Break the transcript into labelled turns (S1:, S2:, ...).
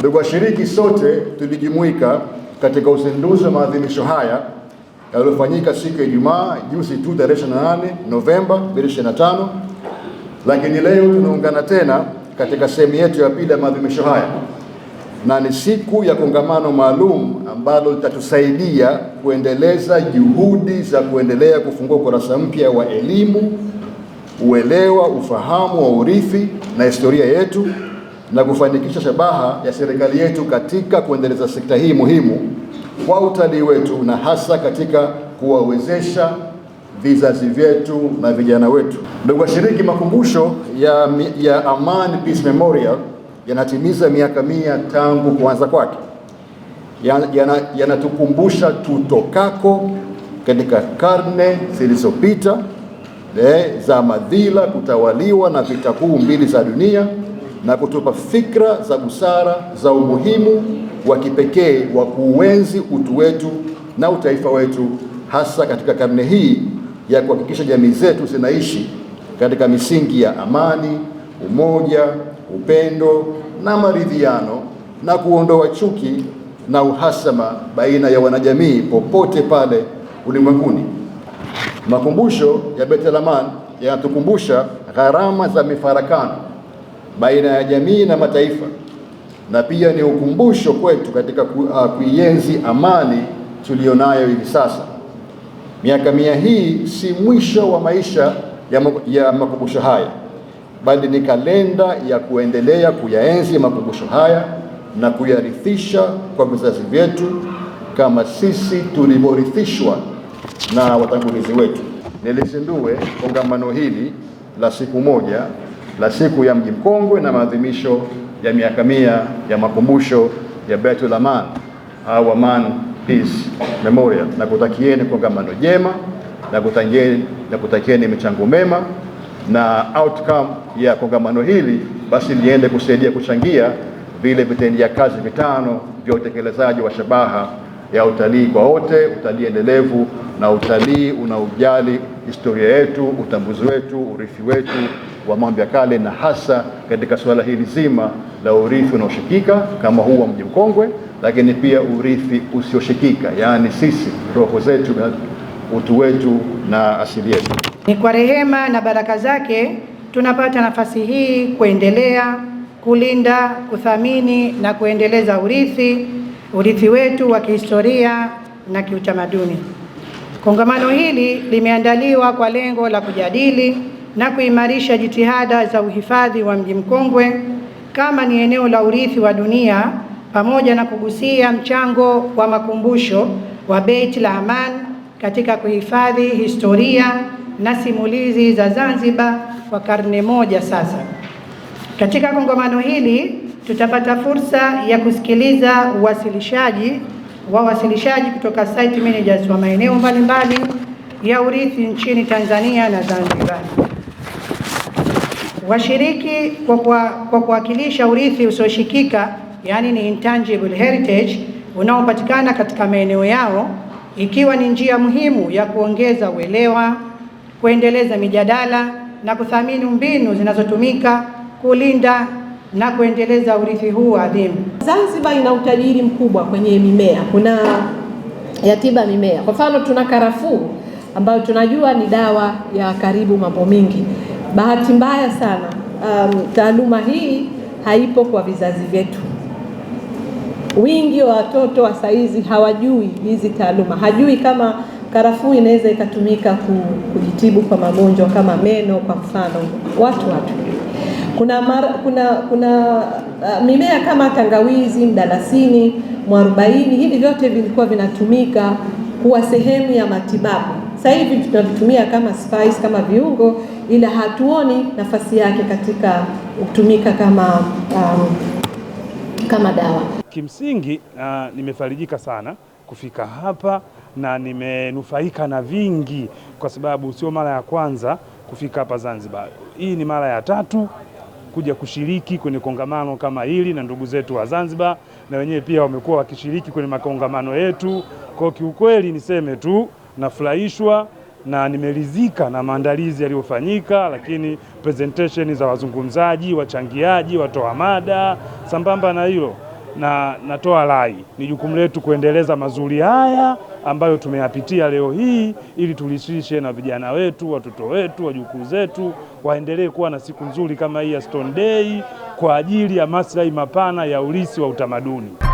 S1: Ndugu washiriki, sote tulijumuika katika uzinduzi wa maadhimisho haya yaliyofanyika siku ya Ijumaa juzi tu tarehe 28 Novemba 2025, lakini leo tunaungana tena katika sehemu yetu ya pili ya maadhimisho haya na ni siku ya kongamano maalum ambalo litatusaidia kuendeleza juhudi za kuendelea kufungua ukurasa mpya wa elimu, uelewa, ufahamu wa urithi na historia yetu na kufanikisha shabaha ya serikali yetu katika kuendeleza sekta hii muhimu kwa utalii wetu na hasa katika kuwawezesha vizazi vyetu na vijana wetu. Ndugu washiriki, makumbusho ya, ya Amaan Peace Memorial yanatimiza miaka mia tangu kuanza kwake. Yanatukumbusha yana, yana tutokako katika karne zilizopita za madhila, kutawaliwa na vita kuu mbili za dunia na kutupa fikra za busara za umuhimu wa kipekee wa kuuenzi utu wetu na utaifa wetu, hasa katika karne hii ya kuhakikisha jamii zetu zinaishi katika misingi ya amani, umoja, upendo na maridhiano na kuondoa chuki na uhasama baina ya wanajamii popote pale ulimwenguni. Makumbusho ya Betelaman yanatukumbusha gharama za mifarakano baina ya jamii na mataifa, na pia ni ukumbusho kwetu katika ah, kuienzi uh, amani tuliyonayo hivi sasa. Miaka mia hii si mwisho wa maisha ya makumbusho haya, bali ni kalenda ya kuendelea kuyaenzi makumbusho haya na kuyarithisha kwa vizazi vyetu kama sisi tulivyorithishwa na watangulizi wetu. Nilizindue kongamano hili la siku moja la siku ya mji mkongwe na maadhimisho ya miaka mia ya makumbusho ya Baitul Aman au Aman Peace Memorial, na kutakieni kongamano jema na kutakieni michango mema, na outcome ya kongamano hili basi liende kusaidia kuchangia vile vitendea kazi vitano vya utekelezaji wa shabaha ya utalii kwa wote, utalii endelevu na utalii unaojali historia yetu, utambuzi wetu, urithi wetu wa mambo ya kale na hasa katika suala hili zima la urithi unaoshikika kama huu wa mji mkongwe, lakini pia urithi usioshikika, yaani sisi, roho zetu, utu wetu na asili yetu.
S2: Ni kwa rehema na baraka zake tunapata nafasi hii kuendelea kulinda, kuthamini na kuendeleza urithi urithi wetu wa kihistoria na kiutamaduni. Kongamano hili limeandaliwa kwa lengo la kujadili na kuimarisha jitihada za uhifadhi wa mji mkongwe kama ni eneo la urithi wa dunia pamoja na kugusia mchango wa makumbusho wa Beit la Aman katika kuhifadhi historia na simulizi za Zanzibar kwa karne moja sasa. Katika kongamano hili tutapata fursa ya kusikiliza uwasilishaji wasilishaji kutoka site managers wa maeneo mbalimbali ya urithi nchini Tanzania na Zanzibar washiriki kwa kuwakilisha urithi usioshikika, yaani ni intangible heritage, unaopatikana katika maeneo yao, ikiwa ni njia muhimu ya kuongeza uelewa, kuendeleza mijadala na kuthamini mbinu zinazotumika kulinda na kuendeleza urithi huu adhimu.
S3: Zanzibar ina utajiri mkubwa kwenye mimea, kuna yatiba mimea. Kwa mfano, tuna karafuu ambayo tunajua ni dawa ya karibu mambo mingi. Bahati mbaya sana um, taaluma hii haipo kwa vizazi vyetu. Wingi wa watoto wa saizi hawajui hizi taaluma, hajui kama karafuu inaweza ikatumika kujitibu kwa magonjwa kama meno kwa mfano. Watu watu kuna mar, kuna kuna uh, mimea kama tangawizi, mdalasini, mwarobaini, hivi vyote vilikuwa vinatumika kuwa sehemu ya matibabu sasa hivi tunavitumia kama spice, kama viungo, ila hatuoni nafasi yake katika kutumika kama um, kama dawa.
S4: Kimsingi uh, nimefarijika sana kufika hapa na nimenufaika na vingi, kwa sababu sio mara ya kwanza kufika hapa Zanzibar. Hii ni mara ya tatu kuja kushiriki kwenye kongamano kama hili na ndugu zetu wa Zanzibar, na wenyewe pia wamekuwa wakishiriki kwenye makongamano yetu. Kwa kiukweli niseme tu nafurahishwa na nimeridhika na maandalizi yaliyofanyika, lakini presentation za wazungumzaji, wachangiaji, watoa mada. Sambamba na hilo, na natoa rai, ni jukumu letu kuendeleza mazuri haya ambayo tumeyapitia leo hii, ili tulishishe na vijana wetu, watoto wetu, wajukuu zetu, waendelee kuwa na siku nzuri kama hii ya Stone Day kwa ajili ya maslahi mapana ya urithi wa utamaduni.